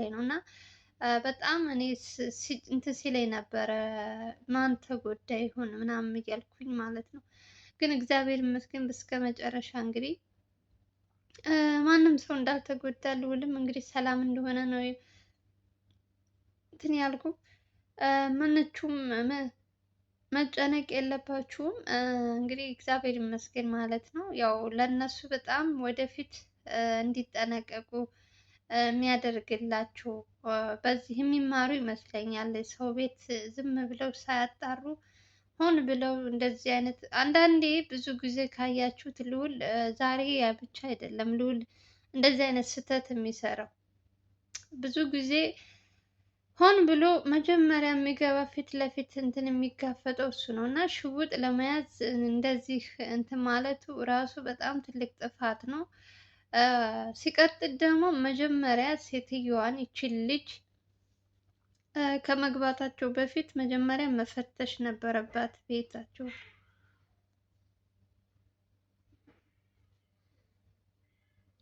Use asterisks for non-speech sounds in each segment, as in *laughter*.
ላይ ነው እና በጣም እኔ እንትን ሲለኝ ነበረ ማን ተጎዳ ይሆን ምናምን እያልኩኝ ማለት ነው። ግን እግዚአብሔር ይመስገን እስከ መጨረሻ እንግዲህ ማንም ሰው እንዳልተጎዳ ልውልም እንግዲህ ሰላም እንደሆነ ነው እንትን ያልኩ። ምንቹም መጨነቅ የለባችሁም እንግዲህ እግዚአብሔር ይመስገን ማለት ነው። ያው ለእነሱ በጣም ወደፊት እንዲጠነቀቁ የሚያደርግላቸው በዚህ የሚማሩ ይመስለኛል። ሰው ቤት ዝም ብለው ሳያጣሩ ሆን ብለው እንደዚህ አይነት አንዳንዴ ብዙ ጊዜ ካያችሁት ልዑል ዛሬ ያ ብቻ አይደለም ልዑል እንደዚህ አይነት ስህተት የሚሰራው ብዙ ጊዜ ሆን ብሎ መጀመሪያ የሚገባ ፊት ለፊት እንትን የሚጋፈጠው እሱ ነው እና ሽውጥ ለመያዝ እንደዚህ እንትን ማለቱ ራሱ በጣም ትልቅ ጥፋት ነው። ሲቀጥል ደግሞ መጀመሪያ ሴትዮዋን ይችን ልጅ ከመግባታቸው በፊት መጀመሪያ መፈተሽ ነበረባት ቤታቸው።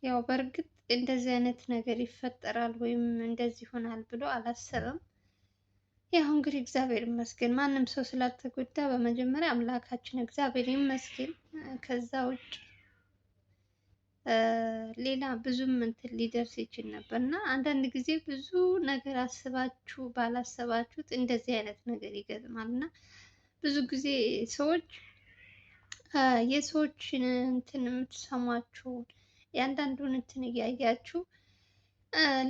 ያው በእርግጥ እንደዚህ አይነት ነገር ይፈጠራል ወይም እንደዚህ ይሆናል ብሎ አላሰበም። ያው እንግዲህ እግዚአብሔር ይመስገን ማንም ሰው ስላልተጎዳ በመጀመሪያ አምላካችን እግዚአብሔር ይመስገን። ከዛ ውጭ ሌላ ብዙም እንትን ሊደርስ ይችል ነበር እና አንዳንድ ጊዜ ብዙ ነገር አስባችሁ ባላሰባችሁት እንደዚህ አይነት ነገር ይገጥማል እና ብዙ ጊዜ ሰዎች የሰዎችን እንትን የምትሰሟቸውን የአንዳንዱን እንትን እያያችሁ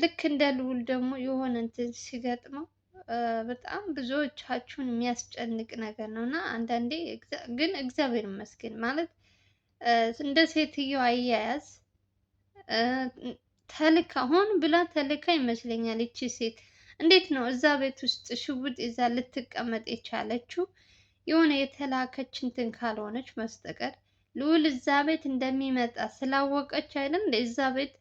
ልክ እንደ ልዑል ደግሞ የሆነ እንትን ሲገጥመው በጣም ብዙዎቻችሁን የሚያስጨንቅ ነገር ነው እና አንዳንዴ ግን እግዚአብሔር ይመስገን ማለት እንደ ሴትዮ አያያዝ ተልካ ሆን ብላ ተልካ ይመስለኛል። ይቺ ሴት እንዴት ነው እዛ ቤት ውስጥ ሽጉጥ ይዛ ልትቀመጥ የቻለችው? የሆነ የተላከች እንትን ካልሆነች መስጠቀር ልዑል እዛ ቤት እንደሚመጣ ስላወቀች አይደል? እዛ ቤት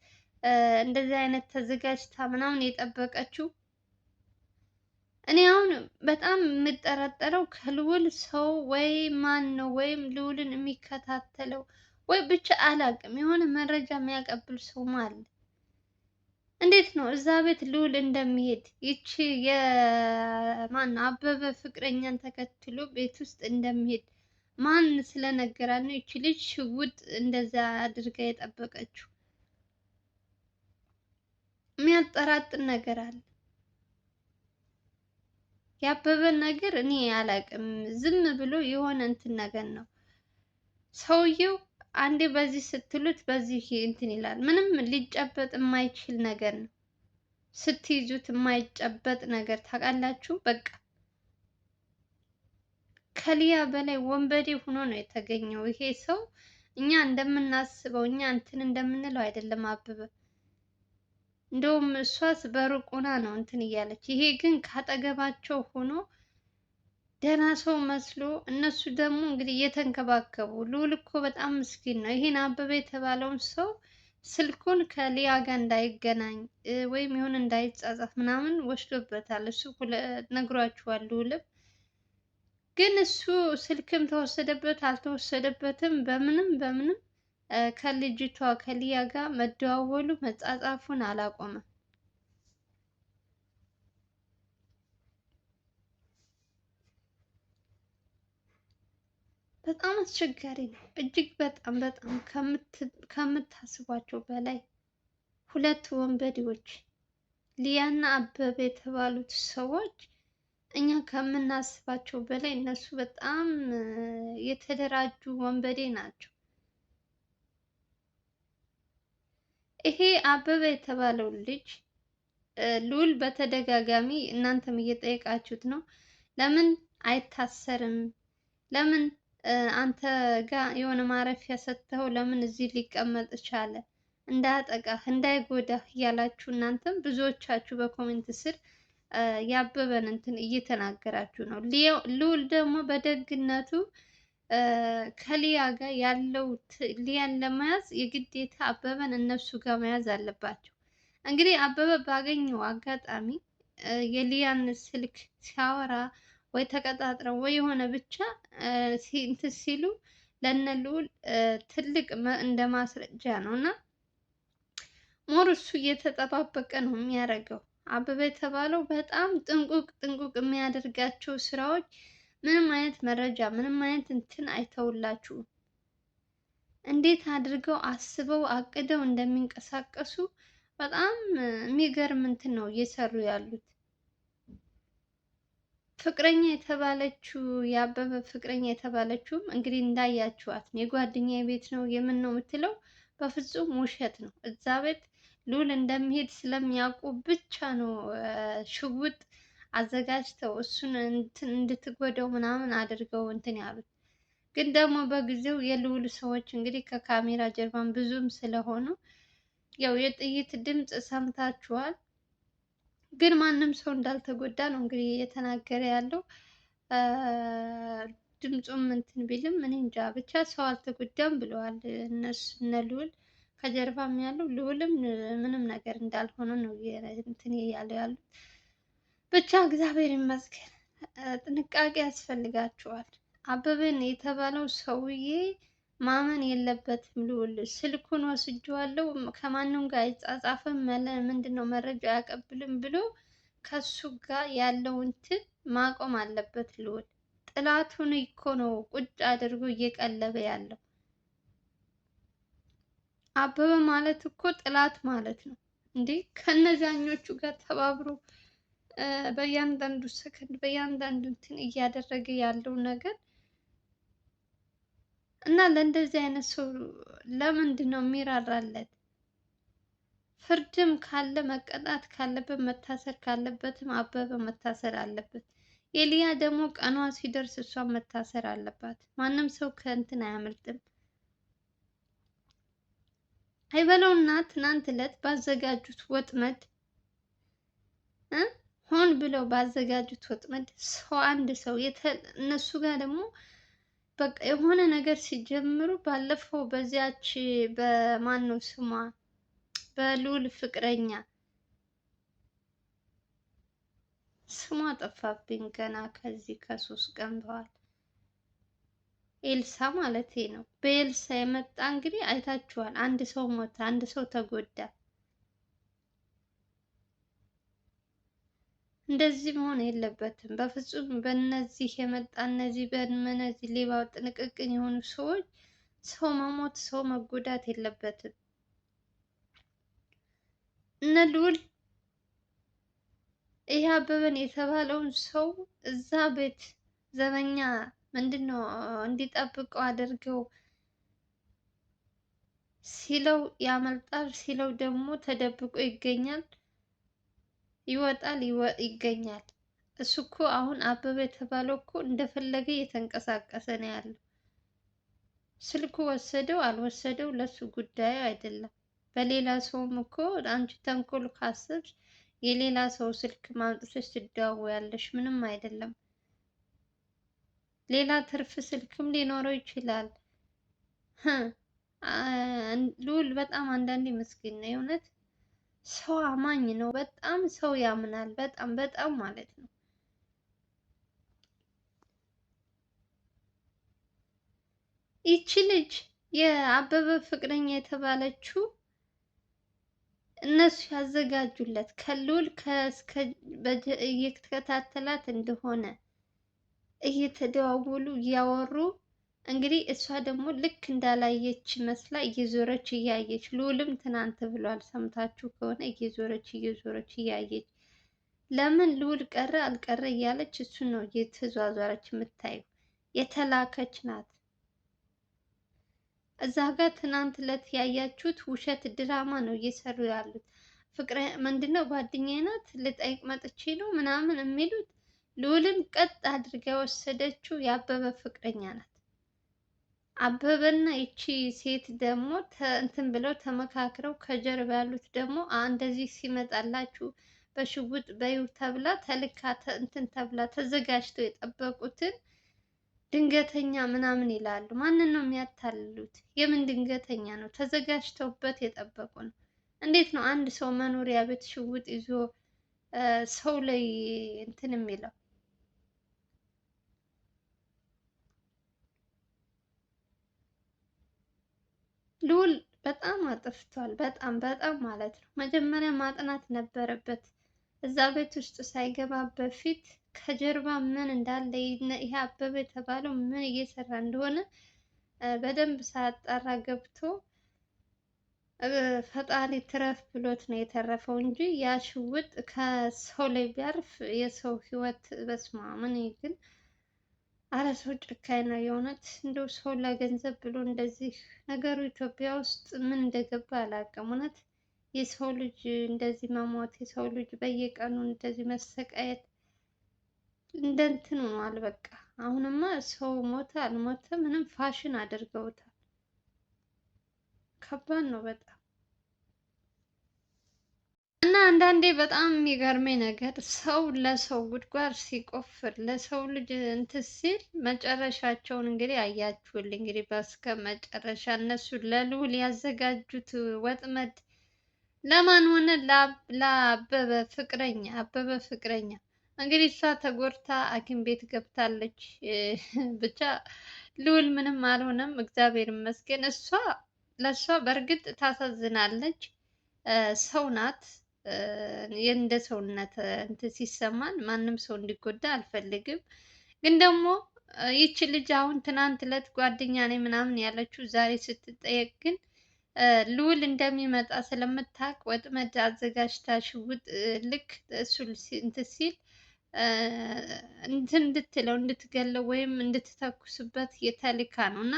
እንደዚህ አይነት ተዘጋጅታ ምናምን የጠበቀችው እኔ አሁን በጣም የምጠረጠረው ከልዑል ሰው ወይ ማን ነው ወይም ልዑልን የሚከታተለው ወይ ብቻ አላቅም የሆነ መረጃ የሚያቀብል ሰው አለ። እንዴት ነው እዛ ቤት ልዑል እንደሚሄድ ይቺ የማን አበበ ፍቅረኛን ተከትሎ ቤት ውስጥ እንደሚሄድ ማን ስለነገራት ነው ይቺ ልጅ ሽጉጥ እንደዛ አድርጋ የጠበቀችው? የሚያጠራጥር ነገር አለ። ያበበን ነገር እኔ አላቅም ዝም ብሎ የሆነ እንትን ነገር ነው ሰውየው። አንዴ በዚህ ስትሉት በዚህ እንትን ይላል። ምንም ሊጨበጥ የማይችል ነገር ነው። ስትይዙት የማይጨበጥ ነገር ታውቃላችሁ። በቃ ከሊያ በላይ ወንበዴ ሆኖ ነው የተገኘው ይሄ ሰው። እኛ እንደምናስበው እኛ እንትን እንደምንለው አይደለም አበበ እንደውም እሷስ በሩቅ ነው እንትን እያለች፣ ይሄ ግን ካጠገባቸው ሆኖ ደህና ሰው መስሎ እነሱ ደግሞ እንግዲህ እየተንከባከቡ። ልዑል እኮ በጣም ምስኪን ነው። ይሄን አበበ የተባለውን ሰው ስልኩን ከሊያ ጋር እንዳይገናኝ ወይም ይሁን እንዳይጻጻፍ ምናምን ወስዶበታል። እሱ ነግሯችኋል። ልዑልም ግን እሱ ስልክም ተወሰደበት አልተወሰደበትም በምንም በምንም ከልጅቷ ከሊያ ጋር መደዋወሉ መጻጻፉን አላቆመም። በጣም አስቸጋሪ ነው። እጅግ በጣም በጣም ከምታስቧቸው በላይ ሁለት ወንበዴዎች ሊያና አበበ የተባሉት ሰዎች እኛ ከምናስባቸው በላይ እነሱ በጣም የተደራጁ ወንበዴ ናቸው። ይሄ አበበ የተባለው ልጅ ሉል በተደጋጋሚ እናንተም እየጠየቃችሁት ነው። ለምን አይታሰርም? ለምን አንተ ጋር የሆነ ማረፊያ ሰጥተው ለምን እዚህ ሊቀመጥ ቻለ? እንዳያጠቃህ እንዳይጎዳህ እያላችሁ እናንተም ብዙዎቻችሁ በኮሜንት ስር ያበበን እንትን እየተናገራችሁ ነው። ልዑል ደግሞ በደግነቱ ከሊያ ጋር ያለው ሊያን ለመያዝ የግዴታ አበበን እነሱ ጋር መያዝ አለባቸው። እንግዲህ አበበ ባገኘው አጋጣሚ የሊያን ስልክ ሲያወራ ወይ ተቀጣጥረው ወይ የሆነ ብቻ እንትን ሲሉ ለነ ልዑል ትልቅ እንደ ማስረጃ ነው እና ሞር እሱ እየተጠባበቀ ነው የሚያደርገው። አበበ የተባለው በጣም ጥንቁቅ ጥንቁቅ የሚያደርጋቸው ስራዎች ምንም አይነት መረጃ ምንም አይነት እንትን አይተውላችሁም። እንዴት አድርገው አስበው አቅደው እንደሚንቀሳቀሱ በጣም የሚገርም እንትን ነው እየሰሩ ያሉት። ፍቅረኛ የተባለችው የአበበ ፍቅረኛ የተባለችውም እንግዲህ እንዳያችኋት የጓደኛ ቤት ነው የምን ነው የምትለው፣ በፍጹም ውሸት ነው። እዛ ቤት ልዑል እንደሚሄድ ስለሚያውቁ ብቻ ነው ሽጉጥ አዘጋጅተው እሱን እንድትጎደው ምናምን አድርገው እንትን ያሉት። ግን ደግሞ በጊዜው የልውል ሰዎች እንግዲህ ከካሜራ ጀርባን ብዙም ስለሆኑ ያው የጥይት ድምፅ ሰምታችኋል። ግን ማንም ሰው እንዳልተጎዳ ነው እንግዲህ እየተናገረ ያለው። ድምፁም እንትን ቢልም እኔ እንጃ ብቻ ሰው አልተጎዳም ብለዋል እነሱ እነ ልዑል ከጀርባም ያለው ልውልም ምንም ነገር እንዳልሆነ ነው እንትን እያለ ያሉት። ብቻ እግዚአብሔር ይመስገን። ጥንቃቄ ያስፈልጋቸዋል። አበበን የተባለው ሰውዬ ማመን የለበትም ልል ስልኩን ወስጄዋለሁ ከማንም ጋር አይጻጻፍም፣ ምንድን ነው መረጃ አያቀብልም ብሎ ከሱ ጋር ያለው እንትን ማቆም አለበት ልዑል። ጥላቱን እኮ ነው ቁጭ አድርጎ እየቀለበ ያለው። አበበ ማለት እኮ ጥላት ማለት ነው እንዴ! ከነዛኞቹ ጋር ተባብሮ በእያንዳንዱ ሰከንድ በእያንዳንዱ እንትን እያደረገ ያለው ነገር እና ለእንደዚህ አይነት ሰው ለምንድን ነው የሚራራለት? ፍርድም ካለ መቀጣት ካለበት መታሰር ካለበትም አበበ መታሰር አለበት። የሊያ ደግሞ ቀኗ ሲደርስ እሷ መታሰር አለባት። ማንም ሰው ከእንትን አያመልጥም። አይበለውና ትናንት ዕለት ባዘጋጁት ወጥመድ ሆን ብለው ባዘጋጁት ወጥመድ ሰው አንድ ሰው እነሱ ጋር ደግሞ በቃ የሆነ ነገር ሲጀምሩ ባለፈው በዚያች በማን ነው ስሟ በልዑል ፍቅረኛ ስሟ ጠፋብኝ። ገና ከዚህ ከሶስት ቀን በኋላ ኤልሳ ማለት ነው። በኤልሳ የመጣ እንግዲህ አይታችኋል። አንድ ሰው ሞተ፣ አንድ ሰው ተጎዳ። እንደዚህ መሆን የለበትም በፍጹም። በነዚህ የመጣ እነዚህ በእነዚህ ሌባ ጥንቅቅን የሆኑ ሰዎች ሰው መሞት ሰው መጎዳት የለበትም። እነ ልዑል ይህ አበበን የተባለውን ሰው እዛ ቤት ዘበኛ ምንድን ነው እንዲጠብቀው አድርገው ሲለው ያመልጣል፣ ሲለው ደግሞ ተደብቆ ይገኛል። ይወጣል ይገኛል። እሱ እኮ አሁን አበበ የተባለው እኮ እንደፈለገ እየተንቀሳቀሰ ነው ያለው። ስልኩ ወሰደው አልወሰደው ለሱ ጉዳዩ አይደለም። በሌላ ሰውም እኮ አንቺ ተንኮል ካሰብሽ የሌላ ሰው ስልክ ማምጥተሽ ትደዋወያለሽ፣ ምንም አይደለም። ሌላ ትርፍ ስልክም ሊኖረው ይችላል። ልዑል በጣም አንዳንዴ ምስኪን ነው የእውነት ሰው አማኝ ነው። በጣም ሰው ያምናል። በጣም በጣም ማለት ነው። ይቺ ልጅ የአበበ ፍቅረኛ የተባለችው እነሱ ያዘጋጁለት ከልዑል እየተከታተላት እንደሆነ እየተደዋወሉ እያወሩ እንግዲህ እሷ ደግሞ ልክ እንዳላየች መስላ እየዞረች እያየች ልዑልም ትናንት ብሏል፣ ሰምታችሁ ከሆነ እየዞረች እየዞረች እያየች ለምን ልዑል ቀረ አልቀረ እያለች እሱ ነው እየተዟዟረች የምታየው። የተላከች ናት። እዛ ጋር ትናንት ዕለት ያያችሁት ውሸት ድራማ ነው እየሰሩ ያሉት። ፍቅረ ምንድነው ጓደኛዬ ናት ልጠይቅ መጥቼ ነው ምናምን የሚሉት ልዑልም ቀጥ አድርጋ የወሰደችው የአበበ ፍቅረኛ ናት። አበበና ይቺ ሴት ደግሞ እንትን ብለው ተመካክረው ከጀርባ ያሉት ደግሞ እንደዚህ ሲመጣላችሁ በሽጉጥ በዩ ተብላ ተልካ እንትን ተብላ ተዘጋጅተው የጠበቁትን ድንገተኛ ምናምን ይላሉ። ማንን ነው የሚያታልሉት? የምን ድንገተኛ ነው? ተዘጋጅተውበት የጠበቁ ነው። እንዴት ነው አንድ ሰው መኖሪያ ቤት ሽጉጥ ይዞ ሰው ላይ እንትን የሚለው? ሉል በጣም አጥፍቷል። በጣም በጣም ማለት ነው። መጀመሪያ ማጥናት ነበረበት። እዛ ቤት ውስጥ ሳይገባ በፊት ከጀርባ ምን እንዳለ ይሄ አበበ የተባለው ምን እየሰራ እንደሆነ በደንብ ሳያጣራ ገብቶ ፈጣሪ ትረፍ ብሎት ነው የተረፈው እንጂ ያ ሽውጥ ከሰው ላይ ቢያርፍ የሰው ሕይወት በስማምን ግን አረ ሰው ጨካኝ ነው የእውነት እንደው ሰው ለገንዘብ ብሎ እንደዚህ ነገሩ ኢትዮጵያ ውስጥ ምን እንደገባ አላውቅም። እውነት የሰው ልጅ እንደዚህ መሞት፣ የሰው ልጅ በየቀኑ እንደዚህ መሰቃየት እንደ እንትን ሆኗል። በቃ አሁንማ ሰው ሞተ አልሞተ ምንም ፋሽን አድርገውታል። ከባድ ነው በጣም። እና አንዳንዴ በጣም የሚገርመኝ ነገር ሰው ለሰው ጉድጓድ ሲቆፍር ለሰው ልጅ እንትን ሲል መጨረሻቸውን እንግዲህ አያችሁል እንግዲህ በስከ መጨረሻ እነሱ ለልዑል ያዘጋጁት ወጥመድ ለማን ሆነ? ለአበበ ፍቅረኛ። አበበ ፍቅረኛ እንግዲህ እሷ ተጎድታ ሐኪም ቤት ገብታለች። *laughs* ብቻ ልዑል ምንም አልሆነም፣ እግዚአብሔር ይመስገን። እሷ ለእሷ በእርግጥ ታሳዝናለች፣ ሰው ናት። የእንደ ሰውነት እንትን ሲሰማን ማንም ሰው እንዲጎዳ አልፈልግም። ግን ደግሞ ይቺ ልጅ አሁን ትናንት ዕለት ጓደኛ ነኝ ምናምን ያለችው ዛሬ ስትጠየቅ ግን ልዑል እንደሚመጣ ስለምታውቅ ወጥመድ አዘጋጅታ ሽውጥ ልክ እሱ እንትን ሲል እንትን እንድትለው እንድትገለው ወይም እንድትተኩስበት የተልካ ነው እና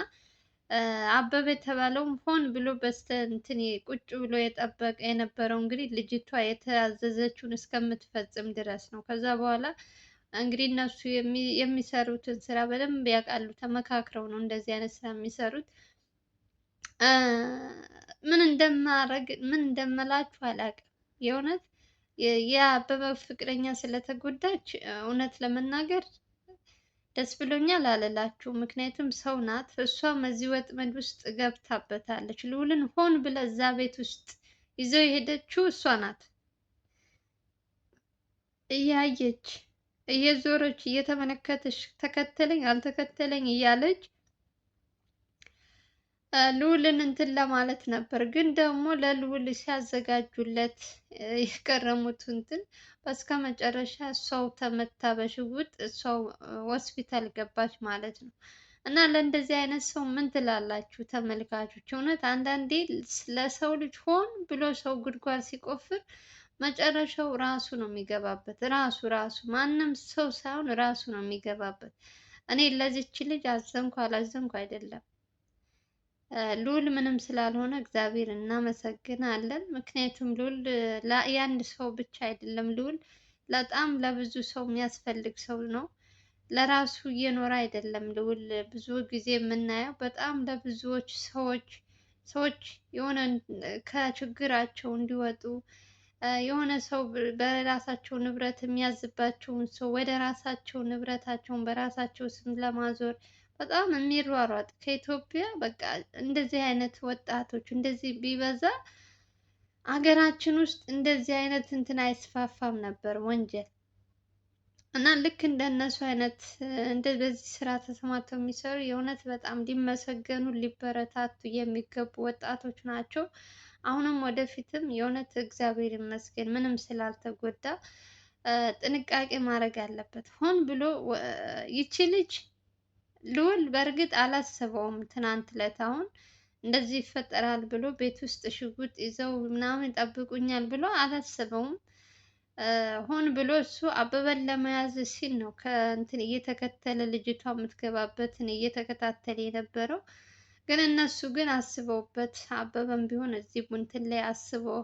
አበበ የተባለውም ሆን ብሎ በስተ እንትን ቁጭ ብሎ የጠበቀ የነበረው እንግዲህ ልጅቷ የተያዘዘችውን እስከምትፈጽም ድረስ ነው። ከዛ በኋላ እንግዲህ እነሱ የሚሰሩትን ስራ በደንብ ያውቃሉ። ተመካክረው ነው እንደዚህ አይነት ስራ የሚሰሩት። ምን እንደማረግ ምን እንደምላችሁ አላውቅም። የእውነት የአበበ ፍቅረኛ ስለተጎዳች እውነት ለመናገር ደስ ብሎኛል አልላችሁ። ምክንያቱም ሰው ናት። እሷም እዚህ ወጥመድ ውስጥ ገብታበታለች። ልውልን ሆን ብለ እዛ ቤት ውስጥ ይዘው የሄደችው እሷ ናት። እያየች እየዞረች እየተመለከተች ተከተለኝ አልተከተለኝ እያለች ልዑልን እንትን ለማለት ነበር፣ ግን ደግሞ ለልዑል ሲያዘጋጁለት የቀረሙት እንትን በስከ መጨረሻ እሷው ተመታ በሽጉጥ እሷው ሆስፒታል ገባች ማለት ነው። እና ለእንደዚህ አይነት ሰው ምን ትላላችሁ ተመልካቾች? እውነት አንዳንዴ ለሰው ልጅ ሆን ብሎ ሰው ጉድጓድ ሲቆፍር መጨረሻው ራሱ ነው የሚገባበት። ራሱ ራሱ ማንም ሰው ሳይሆን ራሱ ነው የሚገባበት። እኔ ለዚች ልጅ አዘንኩ አላዘንኩ አይደለም ሉል ምንም ስላልሆነ እግዚአብሔር እናመሰግናለን። ምክንያቱም ሉል የአንድ ሰው ብቻ አይደለም። ሉል በጣም ለብዙ ሰው የሚያስፈልግ ሰው ነው። ለራሱ እየኖረ አይደለም። ልውል ብዙ ጊዜ የምናየው በጣም ለብዙዎች ሰዎች ሰዎች የሆነ ከችግራቸው እንዲወጡ የሆነ ሰው በራሳቸው ንብረት የሚያዝባቸውን ሰው ወደ ራሳቸው ንብረታቸውን በራሳቸው ስም ለማዞር በጣም የሚሯሯጥ ከኢትዮጵያ በቃ እንደዚህ አይነት ወጣቶች እንደዚህ ቢበዛ አገራችን ውስጥ እንደዚህ አይነት እንትን አይስፋፋም ነበር ወንጀል እና ልክ እንደነሱ አይነት እንደ በዚህ ስራ ተሰማርተው የሚሰሩ የእውነት በጣም ሊመሰገኑ ሊበረታቱ የሚገቡ ወጣቶች ናቸው። አሁንም ወደፊትም የእውነት እግዚአብሔር ይመስገን ምንም ስላልተጎዳ ጥንቃቄ ማድረግ አለበት። ሆን ብሎ ይቺ ልጅ ልዑል በእርግጥ አላሰበውም። ትናንት ዕለት አሁን እንደዚህ ይፈጠራል ብሎ ቤት ውስጥ ሽጉጥ ይዘው ምናምን ይጠብቁኛል ብሎ አላሰበውም። ሆን ብሎ እሱ አበበን ለመያዝ ሲል ነው ከእንትን እየተከተለ ልጅቷ የምትገባበትን እየተከታተለ የነበረው። ግን እነሱ ግን አስበውበት አበበም ቢሆን እዚህ ቡንትን ላይ አስበው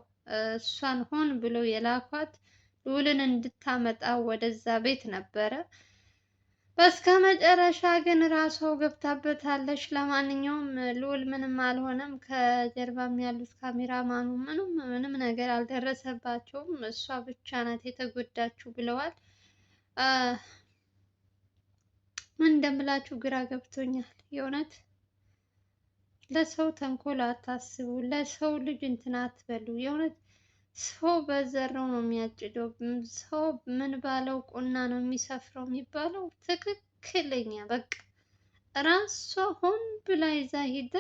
እሷን ሆን ብሎ የላኳት ልውልን እንድታመጣ ወደዛ ቤት ነበረ። በስከ መጨረሻ ግን ራሷ ገብታበታለች። ለማንኛውም ልዑል ምንም አልሆነም። ከጀርባም ያሉት ማኑ ምንም ምንም ነገር አልደረሰባቸውም። እሷ ብቻ ናት የተጎዳችው ብለዋል። ምን እንደምላችሁ ግራ ገብቶኛል የእውነት ለሰው ተንኮል አታስቡ፣ ለሰው ልጅ እንትን አትበሉ የእውነት ሰው በዘራው ነው የሚያጭደው። ሰው ምን ባለው ቁና ነው የሚሰፍረው የሚባለው ትክክለኛ በቃ ራሷ ሆን ብላ ይዛ ሂዳ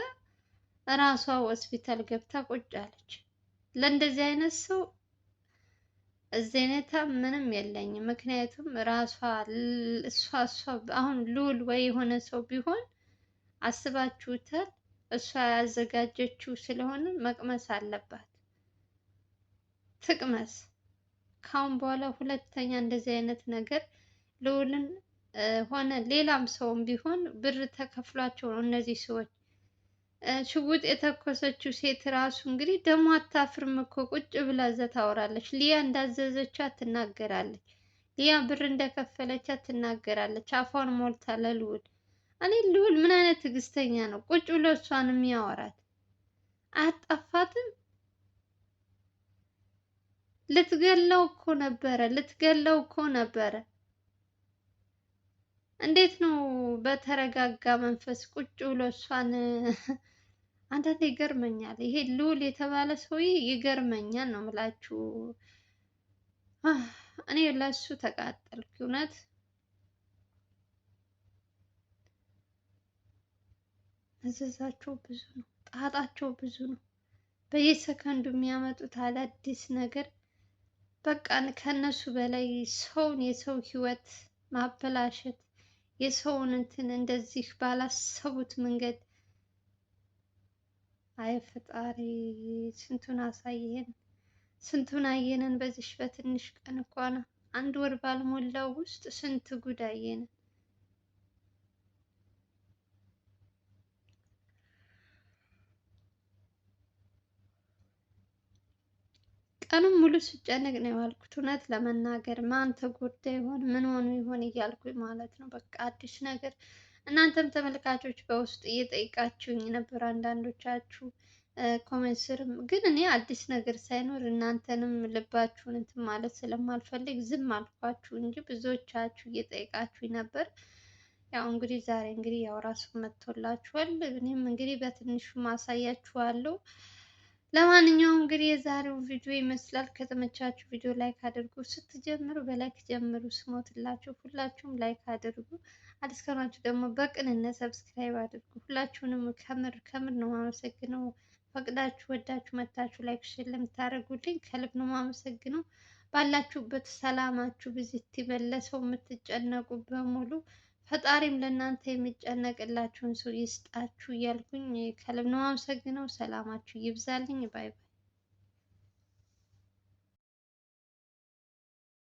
ራሷ ሆስፒታል ገብታ ቁጭ አለች። ለእንደዚህ አይነት ሰው እዚህ ምንም የለኝም። ምክንያቱም ራሷ እሷ እሷ አሁን ልዑል ወይ የሆነ ሰው ቢሆን አስባችሁታል። እሷ ያዘጋጀችው ስለሆነ መቅመስ አለባት። ትቅመስ። ካሁን በኋላ ሁለተኛ እንደዚህ አይነት ነገር ልዑልን ሆነ ሌላም ሰውም ቢሆን ብር ተከፍሏቸው ነው እነዚህ ሰዎች። ሽጉጥ የተኮሰችው ሴት ራሱ እንግዲህ ደግሞ አታፍርም እኮ ቁጭ ብላ እዛ ታወራለች። ሊያ እንዳዘዘቻት ትናገራለች። ሊያ ብር እንደከፈለቻት ትናገራለች። አፏን ሞልታ ለልዑል እኔ ልዑል ምን አይነት ትዕግስተኛ ነው ቁጭ ብሎ እሷን የሚያወራት አያጣፋትም። ልትገለው እኮ ነበረ፣ ልትገለው እኮ ነበረ። እንዴት ነው በተረጋጋ መንፈስ ቁጭ ብሎ እሷን? አንዳንዴ ይገርመኛል። ይሄ ልዑል የተባለ ሰውዬ ይገርመኛል ነው የምላችሁ። እኔ ለሱ ተቃጠልኩ እውነት። መዘዛቸው ብዙ ነው፣ ጣጣቸው ብዙ ነው። በየሰከንዱ የሚያመጡት አዳዲስ ነገር በቃ ከእነሱ በላይ ሰውን የሰው ህይወት ማበላሸት የሰውን እንትን እንደዚህ ባላሰቡት መንገድ አይ ፈጣሪ ስንቱን አሳየን፣ ስንቱን አየንን። በዚሽ በትንሽ ቀን ነው አንድ ወር ባልሞላው ውስጥ ስንት ጉድ አየንን። ቀኑን ሙሉ ስጨነቅ ነው የዋልኩት። እውነት ለመናገር ማን ተጎዳ ይሆን ምን ሆኖ ይሆን እያልኩ ማለት ነው። በቃ አዲስ ነገር እናንተም ተመልካቾች በውስጥ እየጠየቃችሁኝ ነበር አንዳንዶቻችሁ ኮሜንት ስርም ግን እኔ አዲስ ነገር ሳይኖር እናንተንም ልባችሁን እንትን ማለት ስለማልፈልግ ዝም አልኳችሁ እንጂ ብዙዎቻችሁ እየጠየቃችሁኝ ነበር። ያው እንግዲህ ዛሬ እንግዲህ ያው ራሱ መጥቶላችኋል። እኔም እንግዲህ በትንሹ ማሳያችኋለሁ። ለማንኛውም እንግዲህ የዛሬው ቪዲዮ ይመስላል። ከተመቻችሁ ቪዲዮ ላይክ አድርጉ። ስትጀምሩ በላይክ ጀምሩ። ስሞትላችሁ ሁላችሁም ላይክ አድርጉ። አዲስ ከሆናችሁ ደግሞ በቅንነት ሰብስክራይብ አድርጉ። ሁላችሁንም ከምር ከምር ነው የማመሰግነው። ፈቅዳችሁ ወዳችሁ መታችሁ ላይክ ሽር ለምታደርጉልኝ ከልብ ነው የማመሰግነው። ባላችሁበት ሰላማችሁ ብዝት ይበለሰው የምትጨነቁ በሙሉ ፈጣሪም ለእናንተ የሚጨነቅላችሁን ሰው ይስጣችሁ እያልኩኝ ከልብ ነው አመሰግነው። ሰላማችሁ ይብዛልኝ። ባይ